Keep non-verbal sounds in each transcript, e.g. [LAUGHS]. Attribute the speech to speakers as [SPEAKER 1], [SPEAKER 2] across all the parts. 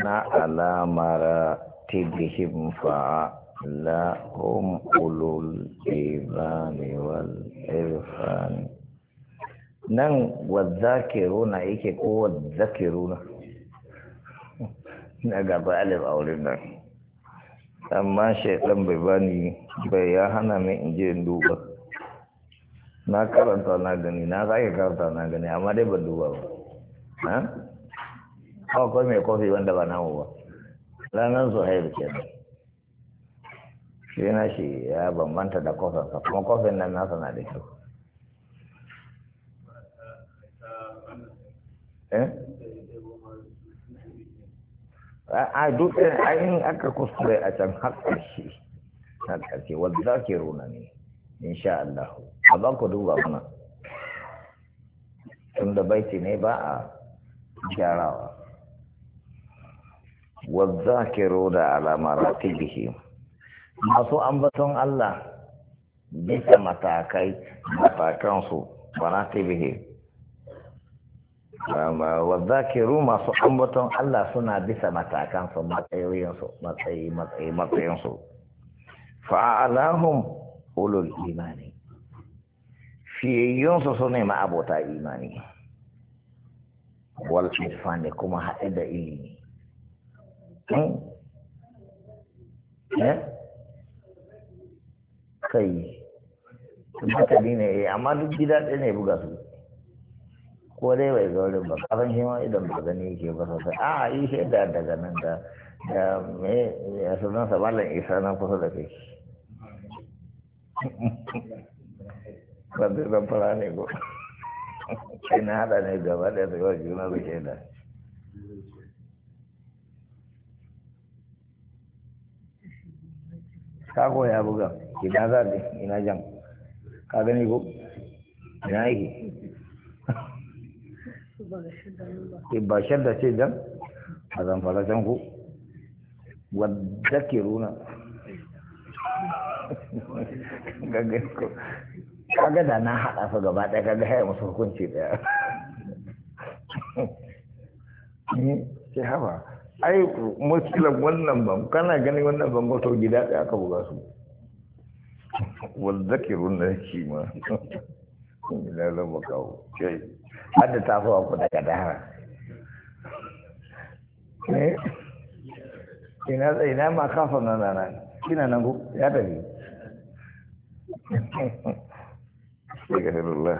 [SPEAKER 1] na alamara tibihim fa la hum ulul ibani wal irfan nan wadzakiruna yake ko wadzakiruna na gaba alif a nan amma shaidan bai bani bai ya hana min in je in duba na karanta na gani na sake karanta na gani amma dai ban duba ba akwai mai kofi wanda ba namu ba ranar zuhairu ke nan shi na shi ya bambanta da kofinsa kuma kofin nan nasa na da kyau eh? a dutsen ainihin aka kuskure a can har shi na ƙarshe wadda za ke runa ne insha Allah a ba ku duba kuma tun da baiti ne ba a gyarawa والذاكرون على مراتبهم masu ambaton Allah bisa matakai matakansu ke ru masu ambaton Allah suna bisa matakansu matsayoyinsu matsayi matsayi matsayinsu fa'alahum ulul imani fiyayyunsu su ne ma'abota imani wal irfani kuma haɗe da ilimi Hmm? Eh? kai hankali ne eh, amma duk gida ɗaya ne buga su ko dai bai zaure ba kasan shi ma idan ba gani yake ba sosai a yi da daga nan da da me ya sunan sa malam isa nan kusa da kai [LAUGHS] ba zai zan fara ne ko [LAUGHS] ina hada ne gaba da su yawa juna su da. Ka ya buga ina za ka ina jan ka gani ko ina yake eh, ba shadda ce jan a zamfara can ku wadda ke runa kaga da na haɗa su gaba ɗaya kaga haya musu hukunci ɗaya [LAUGHS] eh, sai haba ai muskilan wannan ban kana ganin wannan ban to gida ɗaya aka buga su wanda ke runa shi ma ina zama kawo kai hadda ta fi ku daga dara eh? ina ina ma kafa nan nan kina nan ku ya tafi Alhamdulillah.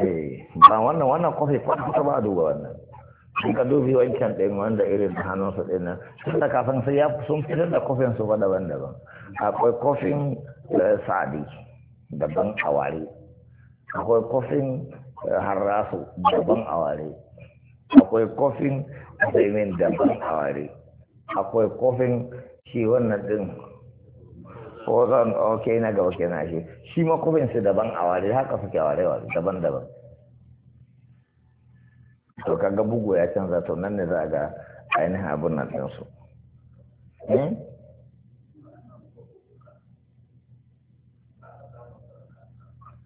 [SPEAKER 1] Eh, ba wannan wannan kwafi kofi kwata ba a duba wannan. in ka dubi wancan ɗin wanda irin hannunsa ɗin nan tun da kafin sai ya sun fitar da kofin su ba daban-daban akwai kofin eh, sa'adi daban a ware akwai kofin eh, harrasu daban a ware akwai kofin zaimin daban a ware akwai kofin shi wannan ɗin ko zan ok na ga ok na shi shi ma kofin su daban a ware haka suke ware ware daban-daban to kaga bugu ya canza to nan ne za a ga ainihin abin nan ɗinsu hmm?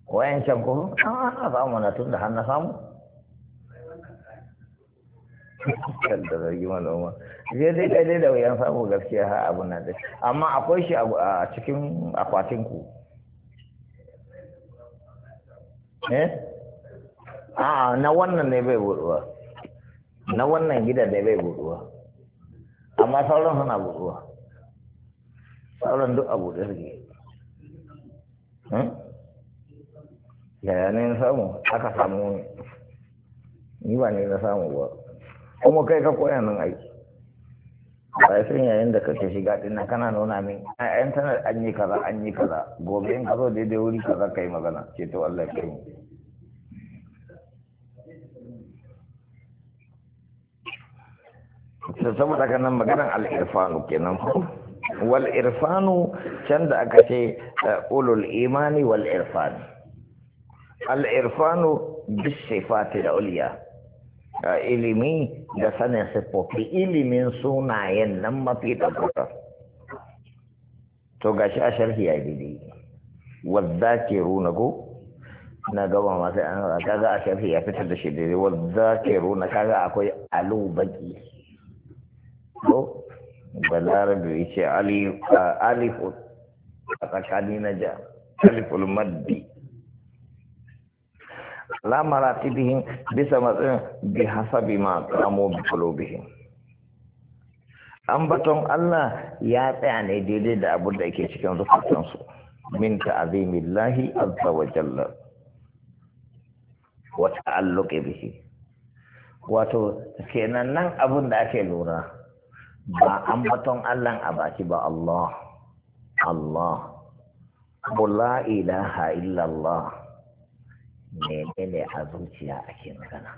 [SPEAKER 1] wayan can ko ana samu na tun da hannu samu kan da zargi maloma zai dai dai da wayan samu gaskiya ha abin nan dai amma akwai shi a cikin akwatin ku eh a'a na wannan ne bai buɗuwa na wannan gida ne bai buɗuwa amma sauran suna buɗuwa sauran duk a buɗe suke yaya hmm? ne na samu aka samu ne ni ba ne na samu ba kuma kai ka koya nan aiki ba sun yayin da kake shiga dinnan kana nuna min ai intanet an yi kaza an yi kaza gobe in ka zo daidai wuri kaza kai magana ce to Allah ya kai mu saboda haka nan maganar al-irfanu kenan wal irfanu can da aka ce eh, ulul imani wal irfan al irfanu bis sifati da uliya eh, ilimi da sanin siffofi ilimin sunayen nan mafi ɗaukaka to gashi a sharhi ya daidai wadda ke runa go na gaba masu an kaga a sharhi ya fitar da shi daidai wadda ke runa kaga akwai alubaki ko balarabe ya ce alifu a tsakani na ja aliful maddi lamara bihin bisa matsayin bi hasabi ma kamo bi kulobihin ambaton Allah ya tsaya ne daidai da abin da yake cikin zukatansu min ta'azimillahi azza wa jalla wa ta'alluqi bihi wato kenan nan abin da ake lura ba an baton Allah a baki ba Allah Allah la ilaha illallah menene a zuciya a magana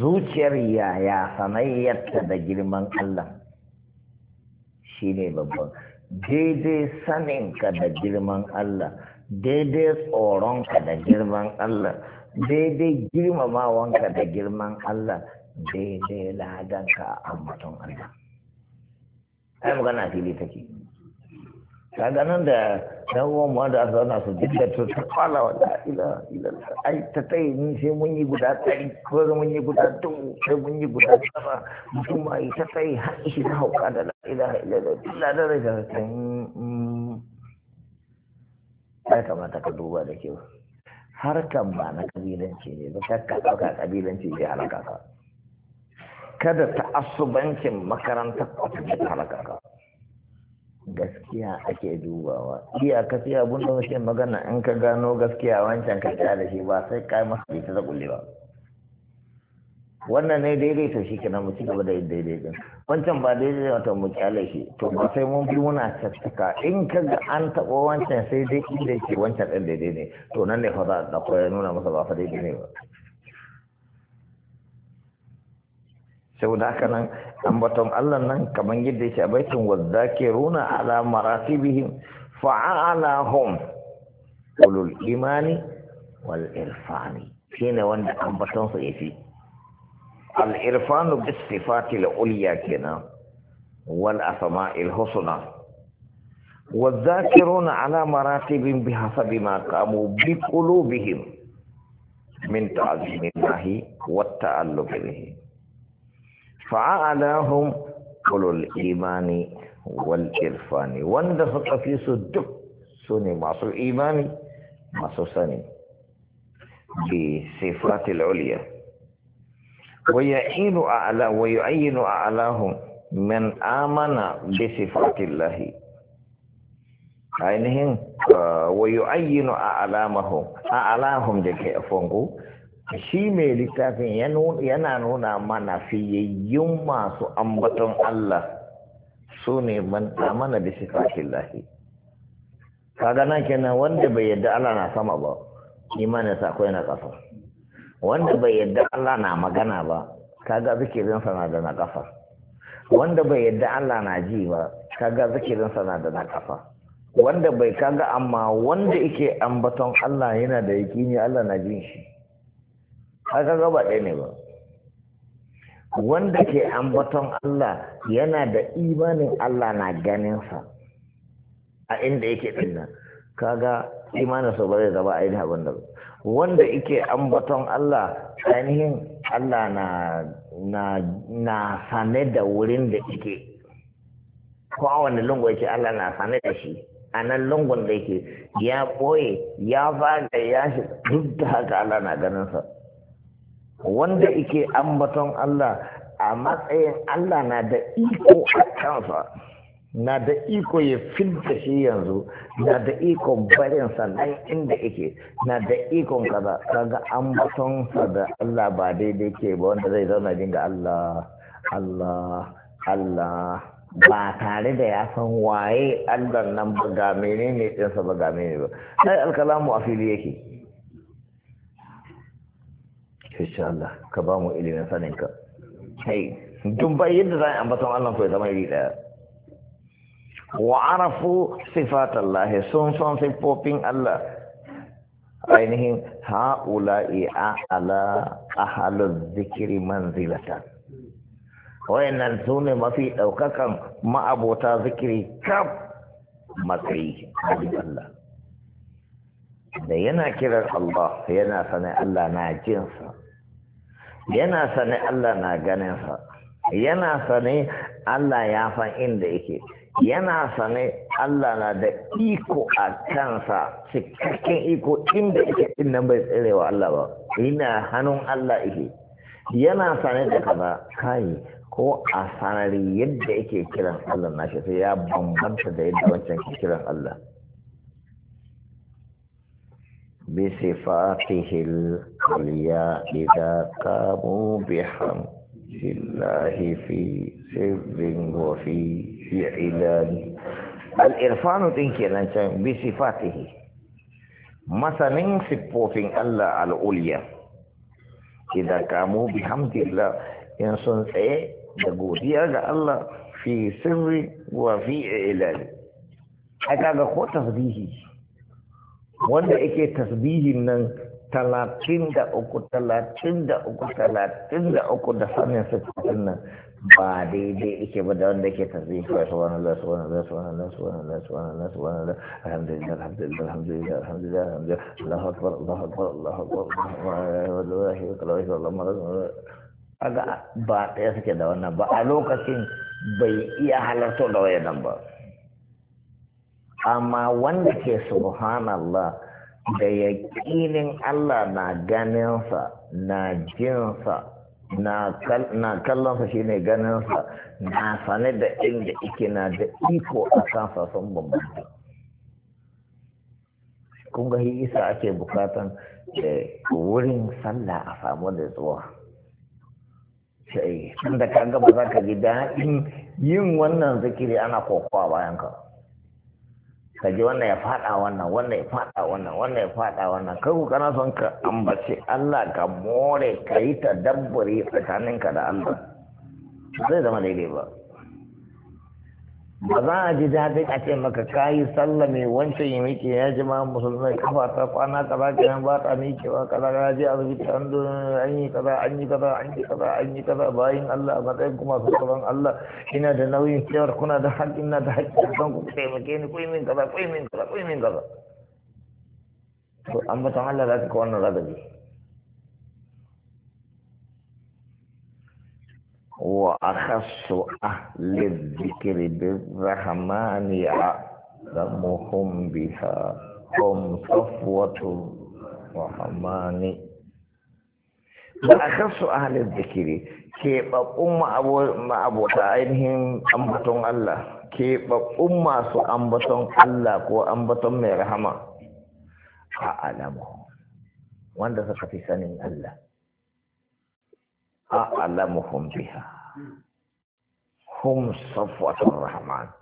[SPEAKER 1] zuciyar yaya sanayyarta da girman Allah Shi shine babban daidai saninka da girman Allah daidai tsoronka da girman Allah daidai girmamawanka da girman Allah daidai ladanka a mutum Allah ai magana fili take ka ganin da dan uwan mu da aka zauna su duk da ta kwala wa da ila ila ai ta tsaye ni sai mun yi guda tsari ko mun yi guda dubu sai mun yi guda tsara mutum ma yi ta tai, har ishi na hauka da la ila ila da illa da rai da san mm, ya kamata ka duba da kyau harkan ba na kabilanci ne ba ka ɗauka kabilanci ke a ka kada ta asubancin makarantar kwatancin halakarka gaskiya ake dubawa iya ka sai abun da magana in ka gano gaskiya wancan ka ta da shi ba sai kai masa bai ta zakulle ba wannan ne daidai to shi kenan mu ci gaba da daidai din wancan ba daidai to mu kyale shi to ba sai mun bi muna cattaka in ka ga an taɓa wancan sai dai inda yake wancan ɗin daidai ne to nan ne fa za a ɗauko ya nuna masa ba fa daidai ne ba saboda haka nan ambaton Allah nan kaman yadda yake a baitin wazzakiruna ala maratibihim hum ulul imani wal irfani shine wanda ambaton su yafi al irfanu bi sifati al ulya kenan wal asma'il husna والذاكرون على مراتب بحسب ما قاموا بقلوبهم من تعظيم الله والتعلق به فعلاهم كل الإيمان والإرفان واندفق في صدق سني مع الإيمان مع سني بصفات العليا ويعين أعلى ويعين أعلاهم من آمن بصفات الله أينهم آه، ويعين أعلامهم أعلاهم جكي أفنقوا shi mai littafin yana nuna mana fiyayyun masu ambaton Allah su ne mana amana da fashin lahi kaga nan kenan wanda bai yadda Allah na sama ba imanin sa akwai na kafa wanda bai yadda Allah na magana ba kaga zikirin sa na da na kafa wanda bai yadda Allah na ji ba kaga zikirin sa na da na kafa wanda bai kaga amma wanda yake ambaton Allah yana da ne Allah na jin shi haka gaba ɗaya ne ba wanda ke ambaton Allah yana da imanin Allah na ganinsa a inda yake dinnan kaga imaninsa ba zai zama ainihin abin da wanda yake ambaton Allah ainihin Allah na na na sane da wurin da yake ko a wani lungu yake Allah na sane da shi a nan lungun da yake ya ɓoye ya faga ya shi duk da haka Allah na ganinsa wanda ike ambaton Allah a matsayin Allah na da iko a kansa na da iko ya filta shi yanzu na da ikon barin nan inda yake na da ikon kaza kaga ambaton sa da Allah ba daidai ke ba wanda zai zauna dinga Allah Allah Allah ba tare da ya san waye Allah nan ba ga menene ɗinsa ba ga menene ba sai alkalamu a fili yake insha Allah ka ba mu ilimin sanin ka duk bai yadda za a ambaton Allah ko ya zama iri ɗaya wa arafu Allah, sun san siffofin Allah ainihin ala a halin zikiri man manzilatan wayannan su ne mafi ɗaukakan ma'abota zikiri kaf matsayi Allah da yana kiran Allah yana sane Allah na jinsa yana sane Allah na ganinsa yana sane Allah ya san inda yake yana sane Allah na da iko a kansa cikakken iko inda yake din nan bai tserewa Allah ba ina hannun Allah yake yana sane da kaza kai ko a sanari yadda yake kiran Allah nashi sai ya bambanta da yadda wancan kiran Allah بصفاته العليا إذا قاموا بحمد الله في سر وفي إعلان الإرفان تنكينا بصفاته مثلا سبوفين الله العليا إذا قاموا بحمد الله إن سنت إيه دقوديا الله في سر وفي إعلان أكاد خطف ذيه wanda yake tasbihin nan talatin da uku talatin da uku talatin da uku da sanin sittin nan ba daidai yake ba da wanda yake tasbihin kawai lasu wani lasu wani lasu wani lasu wani lasu wani lasu wani lasu wani lasu wani lasu wani lasu wani lasu wani lasu wani ba wani lasu wani lasu ba a lokacin bai iya halarta da lasu wani ba amma wanda ke subhanallah da yaƙinin Allah na ganinsa na jinsa na kallonsa shi ne ganinsa na sane da inda ike na da iko a kansa sun bambanta kun ga isa ake bukatan eh, wurin sallah a samu da zuwa. sai tun da ka gaba za ka ji yin wannan zikiri ana kokowa bayan ka ka ji wannan ya fada wannan wannan ya fada wannan wannan ya fada wannan kai ku kana son ka ambaci Allah ka more ka yi tadabburi tsakaninka da Allah zai zama daidai ba ba za a ji daɗin a ce maka kayi sallah mai wancan ya miki ya ji ma musulmai kafa ta kwana kaza kenan ba ta miƙewa kaza ya a asibiti an an yi kaza an yi kaza an yi kaza an yi kaza bayan Allah a matsayin kuma su tsoron Allah ina da nauyin cewar kuna da haƙƙi na da haƙƙi kan ku taimake ni kuyi min kaza kuyi min kaza kuyi min kaza to an ta Allah za ka kawo wannan ragabi wa akhasu ahli dzikri birrahmani a'lamuhum biha hum safwatu rahmani wa akhasu ahli dzikri ke babun ma'abu ma'abuta ainihin ambaton Allah ke babun masu ambaton Allah ko ambaton mai rahama a'lamuhum wanda suka fi sanin Allah a'lamuhum biha hum safwatur rahman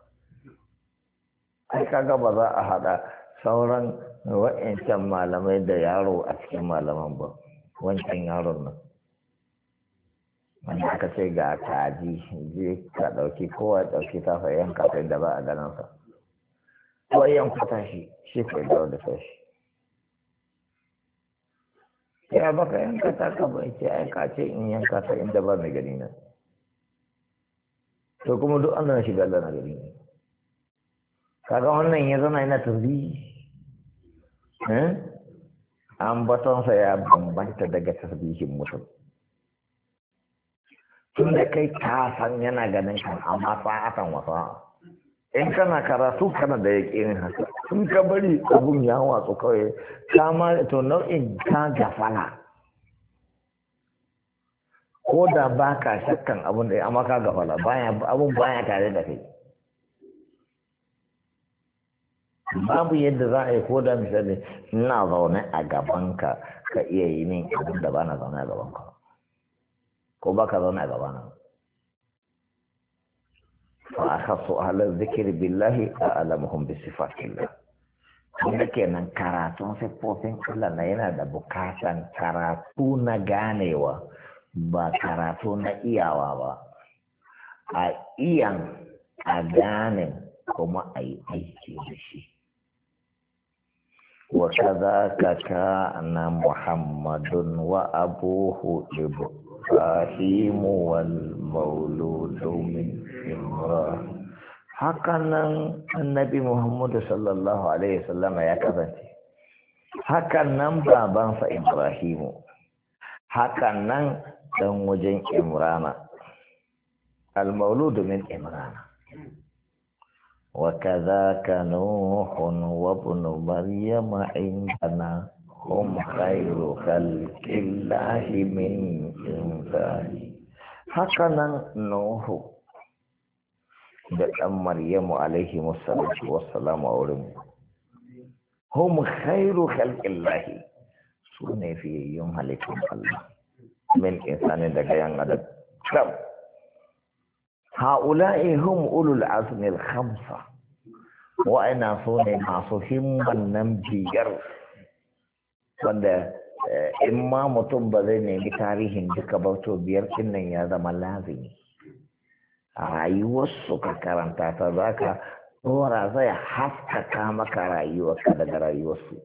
[SPEAKER 1] ai kaga ba za a hada sauran wa'ancan malamai da yaro a cikin malaman ba wancan yaron nan wanda aka ce ga kaji je ka ɗauki kowa ɗauki tafa yanka sai da ba a ganin sa ko yanka tashi shi ko da wanda ya baka yanka ta ka ce ai ka ce in yanka ta inda ba mai gani na to kuma duk Allah na shiga Allah na gani ne kaga wannan ya zana yana tasbihi eh sa ya bambanta daga tasbihin mutum tun da kai ka san yana ganin kan amma sa'atan wasa in kana karatu kana da yaƙinin haka in ka bari abun ya watsu kawai ka to nau'in ka gafala ko da ba ka shakkan abun da amma ka gafala baya abun baya tare da kai babu yadda za a yi ko da misali ina zaune a gabanka ka iya yi min abin da ba na zaune a gabanka ko ba ka zaune a gabana فأخص أهل الذكر بالله أعلمهم بصفات الله da kenan karatun siffofin Allah na yana da bukatan karatu na ganewa ba karatu na iyawa ba a iyan a gane kuma a yi aiki da shi wa kaza ka na muhammadun wa abuhu ibu mauludu min Imran. Haka hakanan annabi Muhammadu sallallahu alaihi wasallam ya kasance hakanan babansa Ibrahimu hakanan dan wajen Imrana al mauludu min Imrana wa kadhaka nuhun wa ibn maryama indana هم خير خلق الله من إنسان حقنا نوح ده مريم عليه الصلاة والسلام أولم هم خير خلق الله سنة في يوم عليكم الله من إنسان ده يعني هذا كم هؤلاء هم أولو العزم الخمسة وأنا سنة ما سهم من نمجي يرسل wanda eh, in ma mutum ba zai nemi tarihin duka ba to biyar nan ya zama lazimi a rayuwarsu ka karanta ta za ka dora zai haskaka maka rayuwarka daga rayuwarsu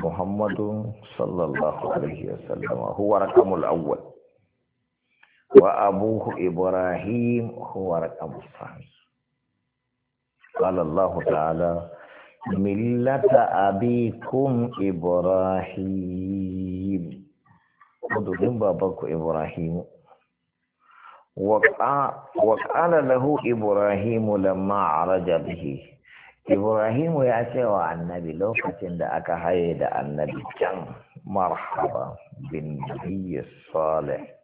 [SPEAKER 1] muhammadu sallallahu alaihi wasallama huwa rakamul awwal wa abuhu ibrahim huwa rakamul sami قال الله ملة أبيكم إبراهيم ودون بابك إبراهيم وقال له إبراهيم لما عرج به إبراهيم يا سوى النبي لو كنت هيدا النبي جن مرحبا بالنبي الصالح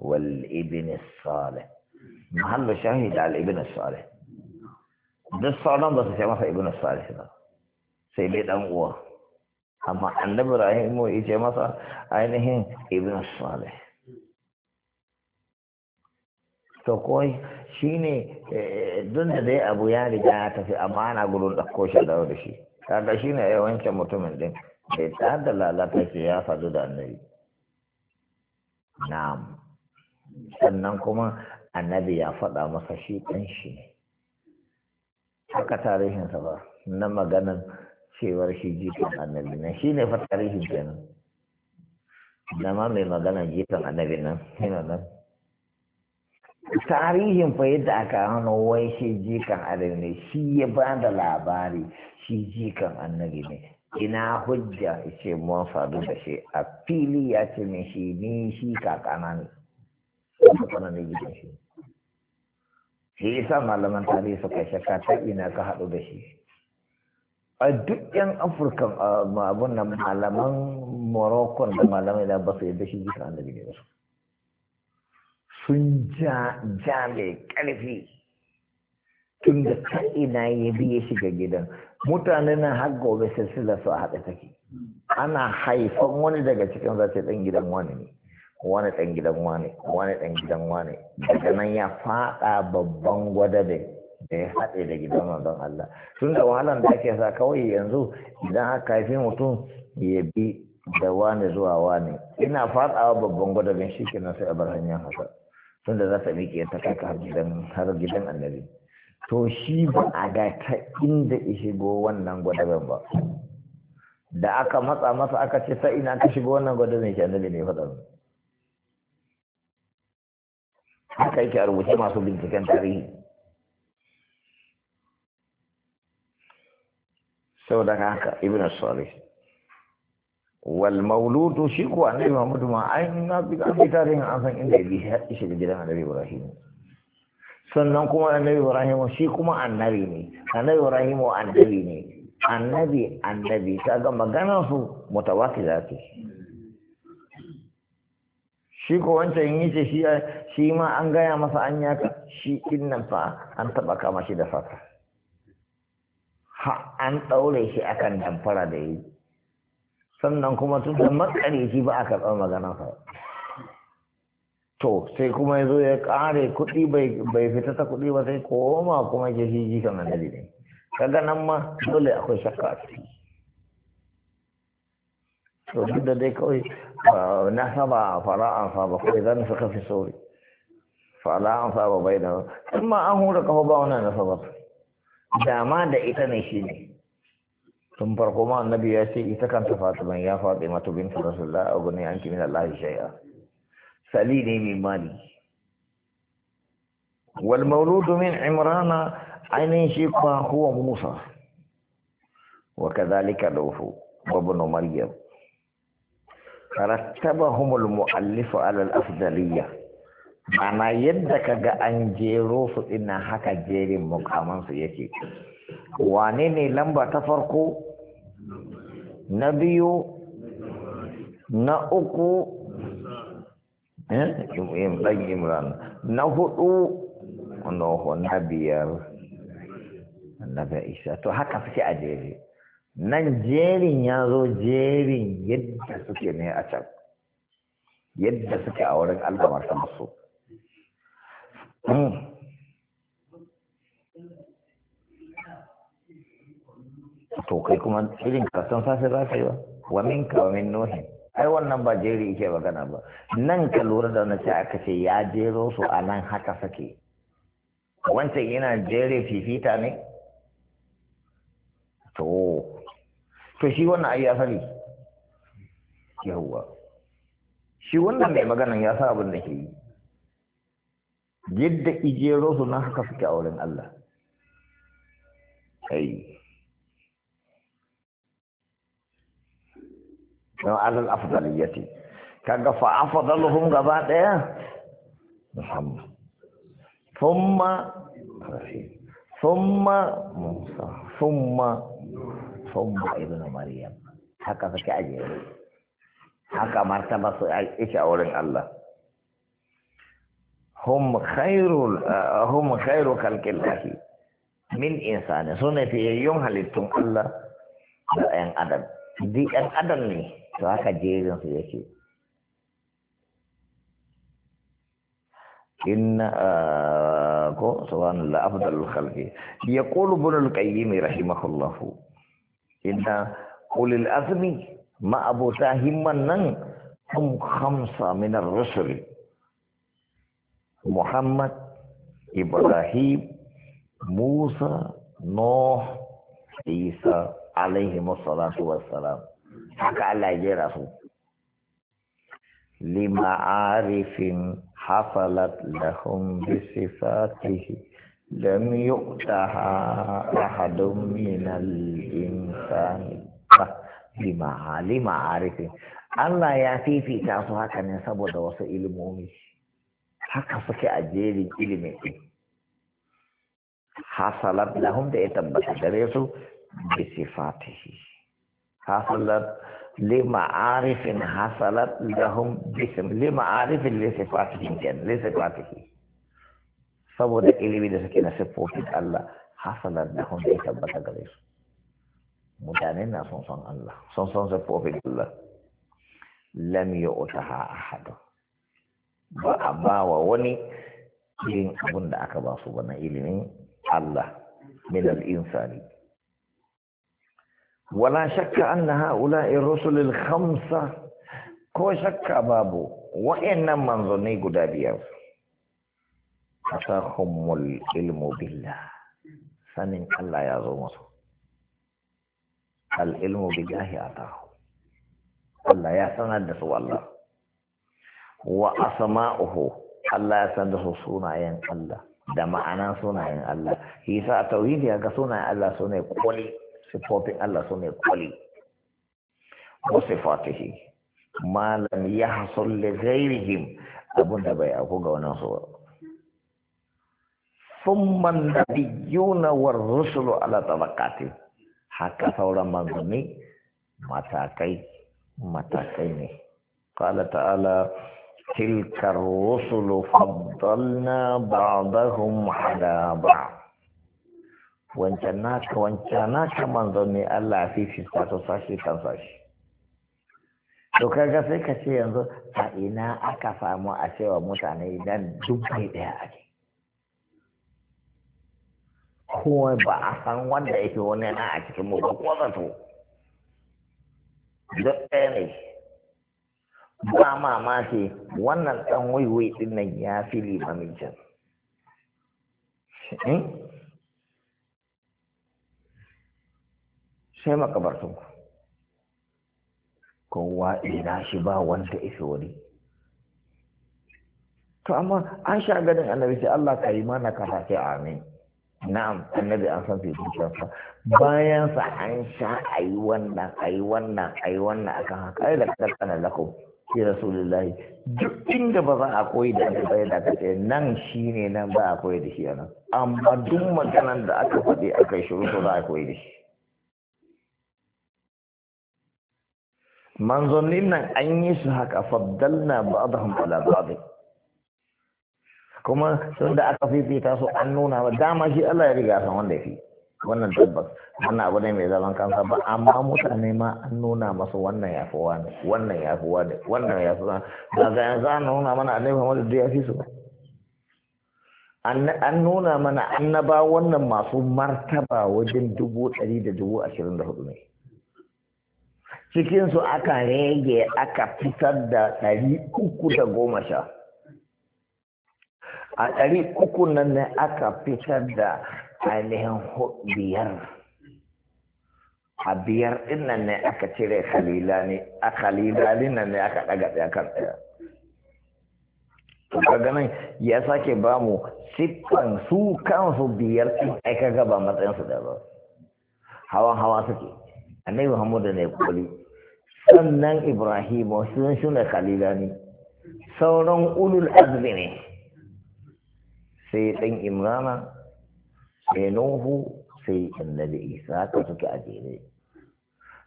[SPEAKER 1] والابن الصالح محل شاهد على الابن الصالح duk sauran ba su ce masa ibn salih ba sai dai dan uwa amma annabi rahimu yi ce masa ainihin ibn salih to ko shi ne eh, don da dai abu ya riga ya tafi amma ana gudun ɗauko shi da shi kaga shi ne yawancin mutumin din bai ta da lalata ce ya faru da annabi na'am sannan kuma annabi ya faɗa masa shi ɗan shi ne haka tarihinsa ba na maganan cewar shi jikin annabi nan shi ne fa tarihin kenan dama mai magana jikin annabi nan nan tarihin fa yadda aka hano wai shi jikan annabi ne shi ya ba da labari shi jikan annabi ne ina hujja ce mun faru da shi a fili ya ce min shi ni shi kakana ne kuma ne jikin shi shi isa malaman tarihi suka shakka ta ina ka haɗu da shi a duk yan afirka abun nan malaman morocco da malamai da ba su da shi jika ba sun ja ja mai ƙarfi tun da ta ina ya bi ya shiga gidan mutane na har gobe silsila su a haɗe take ana haifan wani daga cikin zace ɗan gidan wani ne wani ɗan gidan wani wani ɗan gidan wane daga nan ya faɗa babban gwadabe da ya haɗe da gidan don Allah tun da wahalan da ake sa kawai yanzu idan aka haifi mutum ya bi da wani zuwa wani ina faɗawa babban gwadabin shi kenan sai a bar hanyar haka tun da za ta miƙe ta kaka har gidan har annabi to shi ba a ga ta inda ya shigo wannan gwadaben ba da aka matsa masa aka ce ta ina ka shigo wannan gwadaben shi annabi ne faɗa haka yake a rubuce masu binciken tarihi sau da haka ibn sari wal mauludu shi ko annabi muhammadu ma ai na bi an bi tarihin an san inda ya da gidan annabi ibrahim sannan kuma annabi ibrahim shi kuma annabi ne annabi ibrahim annabi ne annabi annabi ta ga maganar su za ce shi ko wancan yin yace shi shi ma an gaya masa an yaka shi din nan fa an taba kama shi da fata ha an daure shi akan damfara da yi sannan kuma tun da shi ba aka tsama magana fa to sai kuma ya zo ya ƙare kuɗi bai fita ta kuɗi ba sai koma kuma ke shi jikan annabi ne kaga nan ma dole akwai shakka a ciki وجد ذلك نهب فلا أنصاب خوي ذا نفق في سوري فلا أنصاب بينه ثم أهولك هو أنا نصبت داما دا إتنشيني ثم برقما النبي يأتي إتكان تفاطمة يا فاطمة بنت رسول الله أغني أنك من الله شيئا سليني من مالي والمولود من عمران عين شيخ هو موسى وكذلك لوفو وابن مريم farattabahumul mu'allifu alal afdaliyya Ana yadda ka ga an jero su ina haka jerin mukaman su yake wane ne lamba ta farko na biyu na uku eh, na hudu na biyar na isa to haka suke a jere nan jerin ya zo jerin yadda suke ne a can yadda suke a wurin al'amar ta masu hmm. to kai kuma irin kasan safe za ka yi ba wa ka, wa min nuhin ai wannan ba jeri yake magana ba nan ka lura da wani sai aka ce ya jero su a nan haka sake wancan yana jere fifita ne to to shi wannan ai ya sani yawwa shi wannan mai maganan ya sa abin da ke yi yadda ijero su na haka suke a wurin Allah ai don alal afdaliyati kaga fa afdaluhum gaba daya muhammad thumma thumma musa thumma صوم ابن مريم حقا فك اجي حقا مرتبه سو ايش اورن الله هم خير آه، هم خير خلق الله من انسان سنتي يوم حلتم الله ان ادم دي ان ادم لي تو حقا في سو يكي إن آه، كو سبحان الله أفضل الخلق يقول ابن القيم رحمه الله inna ulil azmi ma abota himman nan hum khamsa min ar-rusul Muhammad Ibrahim Musa Nuh Isa alaihi wassalatu wassalam haka Allah ya jera su lima arifin hafalat lahum bi sifatihi لم يؤتها أحد من الإنسان بمعالم عارف Allah ya fifita su haka ne saboda wasu ilimomi haka suke a jerin ilimin hasalat lahum da ya tabbata gare su bi sifatihi hasalat li ma'arifin hasalat lahum bi li ma'arifin saboda ilimi da suke na siffofin Allah hasalar da hun da ya tabbata gare su mutane na son son Allah son son siffofin Allah lam ya utaha ahadu ba a ba wa wani yin abun da aka ba su ba na ilimin Allah min insani wala shakka anna ha'ula'i rusulil khamsa ko shakka babu wa'annan manzanni guda biyar fasahumul ilmu billah sanin Allah ya zo musu al ilmu billahi atahu Allah ya sanar da su Allah wa asma'uhu Allah ya sanar da su sunayen Allah da ma'anan sunayen Allah shi yasa a tauhidi ga sunayen Allah sune koli sifofin Allah sune koli wa sifatihi ma lam yahsul li ghairihim abunda bai aku ga wannan su ba ثم النبيون والرسل على طبقات haka sauran manzanni matakai matakai ne qala ta'ala tilka ar-rusulu faddalna ba'dahum ala ba'd wancan naka wancan naka manzanni Allah ya fifita to sashi kan sashi to kaga sai ka ce yanzu a ina aka samu a cewa mutane idan dubbai daya ake Kowai ba a san wanda yake wani na a cikin mu ba ko zato duk ɗaya ne ba mamaki wannan ɗan waiwai ɗin nan ya fi limamin can hmm? sai ku kowa ina shi ba wanda ife wani to amma an sha ganin annabi sai Allah ka yi mana ka amin na'am annabi an san sai zuciyarsa bayan sa an sha ayi wannan ayi wannan ayi wannan akan haka ai da kana lakum Ki rasulullahi duk inda ba za a koyi da aka bai da nan shine ne nan ba a koyi da shi nan amma duk maganan da aka faɗi aka yi shiru to za a koyi da shi manzonin nan an yi su haka faddalna ba'dahum ala ba'd kuma sun da aka fifita su an nuna ba dama shi Allah ya riga san wanda ya fi wannan tabbas wannan abu ne mai zaman kansa ba amma mutane ma an nuna masu wannan ya fi wani wannan ya fi wani wannan ya fi wani ga yanzu an nuna mana annabi Muhammad da ya fi su an nuna mana annaba wannan masu martaba wajen dubu ɗari da dubu ashirin da hudu ne cikinsu aka rege aka fitar da ɗari uku da goma sha a ɗari uku nan ne aka fitar da ainihin biyar a biyar ɗin nan ne aka cire khalilani a khalilani nan ne aka ɗaga ɗaya kan ɗaya ka ganin ya sake ba mu siffan su kansu biyar ɗin ai ka gaba matsayinsu da ba hawan hawa suke annabi muhammadu ne koli sannan ibrahimu sun ne khalilani sauran ulul azmi ne sai ɗan imrana sai nuhu sai annabi isa ka suke a jere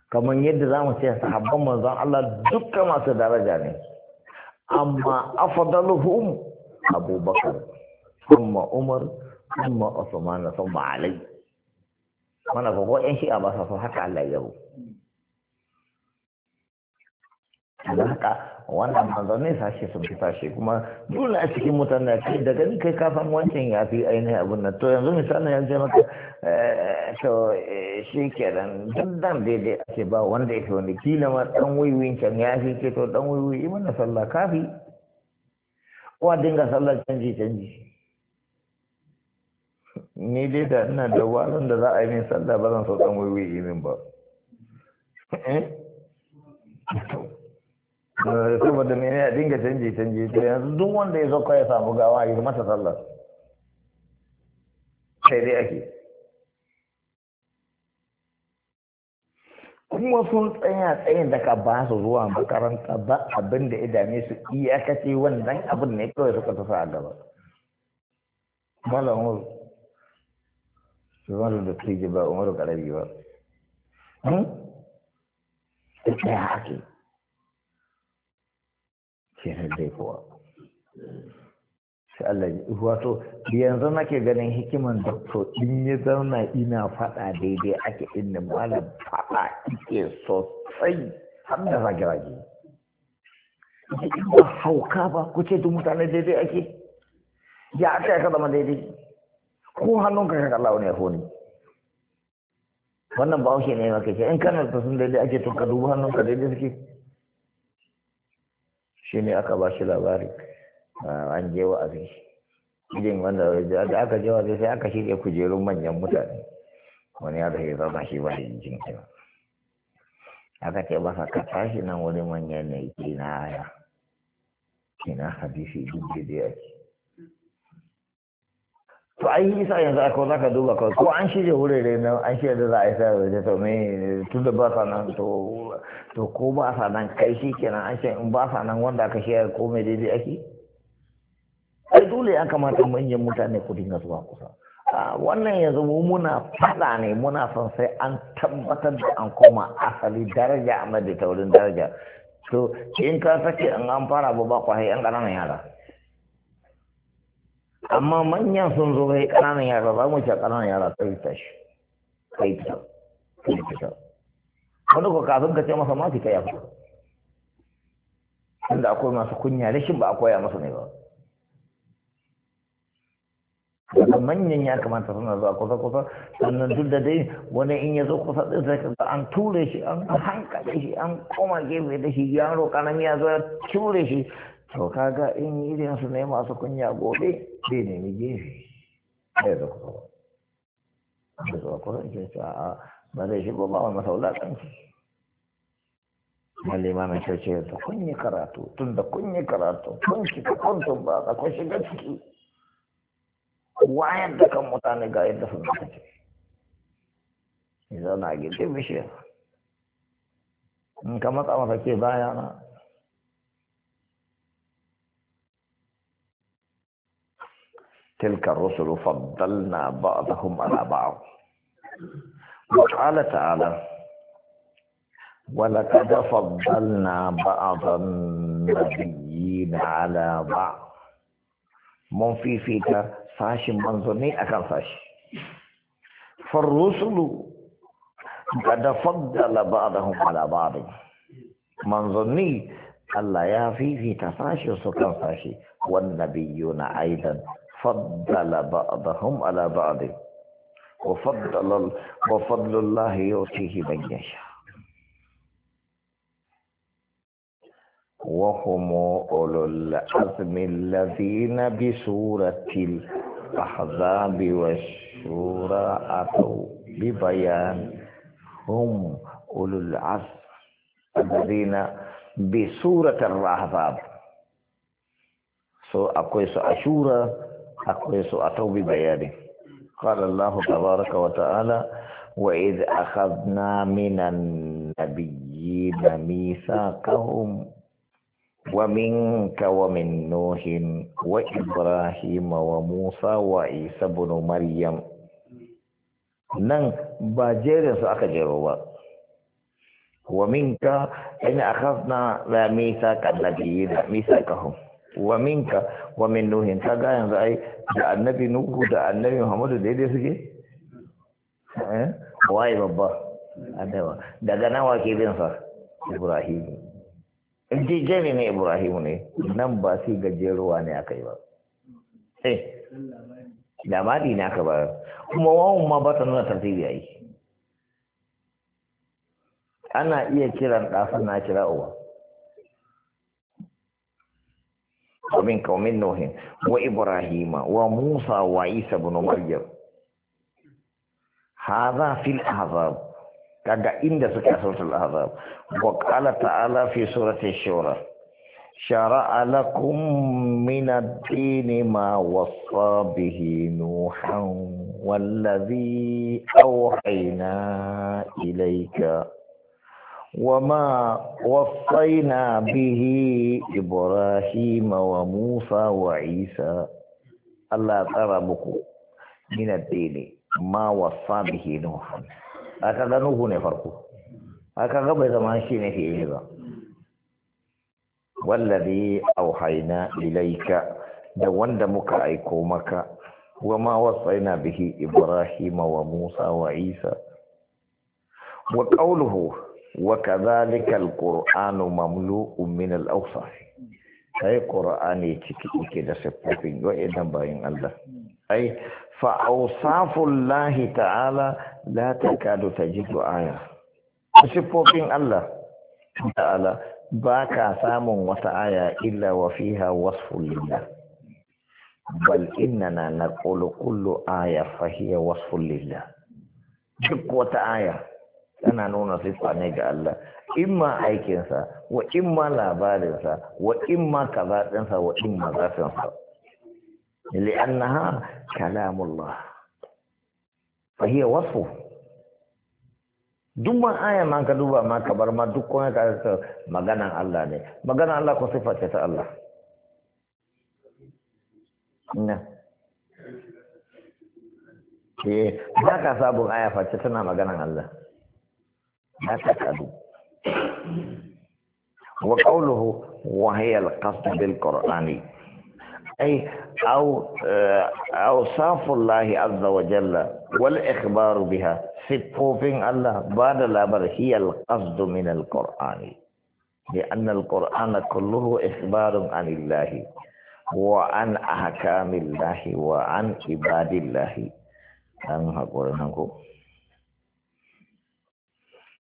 [SPEAKER 1] kamar yadda za mu ce sahabban manzon Allah dukkan masu daraja ne amma afdaluhum abubakar amma umar amma usman thumma ali mana ko ko yan shi'a ba sa so haka Allah ya yi da haka wannan ne sashe sun fi sashe kuma dole a cikin mutane cikin da gani kai kafan wancan ya fi ainihin abin nan to yanzu misalin ya ce maka eh, to eh, shi ke duk dan daidai a ce ba wanda ya fi wani kila ma dan wiwin can ya fi ce to dan wiwi yi mana sallah kafi a dinga sallah canji canji ni dai da ina da walin da za a yi min sallah ba zan so dan wiwi yi min ba eh? Eh, saboda mene a dinga canje canje to yanzu duk wanda ya zo kawai samu gawa yi masa sallar sai dai ake kuma sun tsaya tsayin da ka ba su zuwa makaranta ba abin da ya dame su iyakace wannan abin ne kawai suka sa a gaba malamu umaru da tije ba umaru karabi ba ta hmm? tsaya ake sai dai kuwa sai Allah wato yanzu nake ganin hikiman doktor in ya zauna ina faɗa daidai ake inda malam faɗa ike sosai har da rage-rage ba hauka ba ku ce duk mutane daidai ake ya aka ka zama daidai ko hannun ka kalla wani ya ne? wannan ba ne maka ce in kana da sun daidai ake tun ka hannun ka daidai suke shi ne aka ba shi labari an je wa abin irin wanda da aka je wa sai aka shirya kujerun manyan mutane wani ya zai zama shi ba da jin kira aka ce ba ka tashi nan wani manyan na ke na aya na hadisi duk da ya to ai isa yanzu aka zaka ka duba kawai ko an shirya wurare na an shirya da za a isa waje to me tun da ba sa nan to ko ba sa kai shi kenan an shirya in ba sa nan wanda aka shirya ko mai daidai ake ai dole ya kamata manyan mutane ku dinga zuwa kusa wannan yanzu mu muna fada ne muna son sai an tabbatar da an koma asali daraja a madda taurin daraja to in ka sake an fara ba ba yan ƙananan yara amma manyan sun zo kai ƙananan yara za mu ce ƙananan yara sai ta shi kai fita kai fita wani ko kafin ka ce masa ma fita ya fita inda akwai masu kunya rashin ba a koya masa ne ba daga manyan ya kamata suna zuwa kusa-kusa sannan duk da dai wani in ya zo kusa ɗin sai ka an ture shi an hankali shi an koma gefe da shi yaro kanan ya zo ya ture shi to kaga in irin su ne masu kunya gobe bai nemi gefe ɗaya da kuma da zuwa kuma ke ce a ba zai shigo ba wani masaulatanci ma limamin ce ya kun kunyi karatu tun da kunyi karatu kun ta kwanto ba a kun shiga ciki wayar da kan mutane ga yadda sun kace ya zauna a gindin bishiyar in ka matsa masa ke baya na تلك الرسل فضلنا بعضهم على بعض وقال تعالى ولقد فضلنا بعض النبيين على بعض من في فيك ساشي منظرني أكان ساشي فالرسل قد فضل بعضهم على بعض منظرني الله يا في في تفاشي سكان ساشي والنبيون أيضا فضل بعضهم على بعض وفضل وفضل الله يؤتيه من يشاء وهم أولو العزم الذين بسورة الأحزاب والشورى أتوا ببيان هم أولو العزم الذين بسورة الأحزاب so akwai سو أشورة akwai su a taubi bayani. Kwallon Allah ta baraka wa ta'ala wa iz akhadna minan nabiyyi na misa kahun wa minka wa min nuhin wa ibrahim wa musa wa isa bin maryam nan ba jerin su aka jero ba wa minka ina akhadna la misa kan nabiyyi na misa kahun wa minka wa min nuhin ka ga yanzu ai da annabi nuhu da annabi muhammadu daidai suke eh? waye babba adawa daga nawa ke bin sa ibrahim jijjeri ne ibrahim ne nan ba sai gajeruwa ne aka yi ba eh ne aka ba kuma wawan ma ba ta nuna tartibi a yi ana iya kiran ɗa na kira uwa ومن قوم نوح وإبراهيم وموسى وعيسى بن مريم هذا في الأحزاب kaga inda suke a suratul ahzab wa qala ta'ala fi surati shura shara lakum min ad-din ma wassa bihi nuhan wallazi awhayna ilaika. وما وصينا به إبراهيم وموسى وعيسى الله ترى بكو من الدين ما وصى به نوح هكذا نوح نفرقه هكذا بيت ما شيء في هذا والذي أوحينا إليك da wanda muka aiko maka wa ma wasaina bihi ibrahima wa musa wa isa wa qawluhu wa kadhalika alqur'anu mamlu'un min al-awsaf sai qur'ani ciki yake da siffofin Allah ai fa awsafullahi ta'ala la takadu tajidu aya siffofin Allah ta'ala ba ka samun wata aya ila wa fiha bal ina na kullu aya fa hiya wata aya tana nuna siffa ne ga Allah In ma aikinsa wa in ma labarinsa wa in ma kazaɗinsa wa in ma zafinsa li'annaha kalamullah fa hiya wasu. duk ma aya ma ka duba ma ka bar ma duk kuma ka ta maganan Allah ne maganan Allah ko siffa ce ta Allah na eh ba ka sabon aya ce tana maganan Allah ما تسألوا وقوله وهي القصد بالقرآن أي أو أوصاف الله عز وجل والإخبار بها سبوفين الله بعد الأمر هي القصد من القرآن لأن القرآن كله إخبار عن الله وعن أحكام الله وعن عباد الله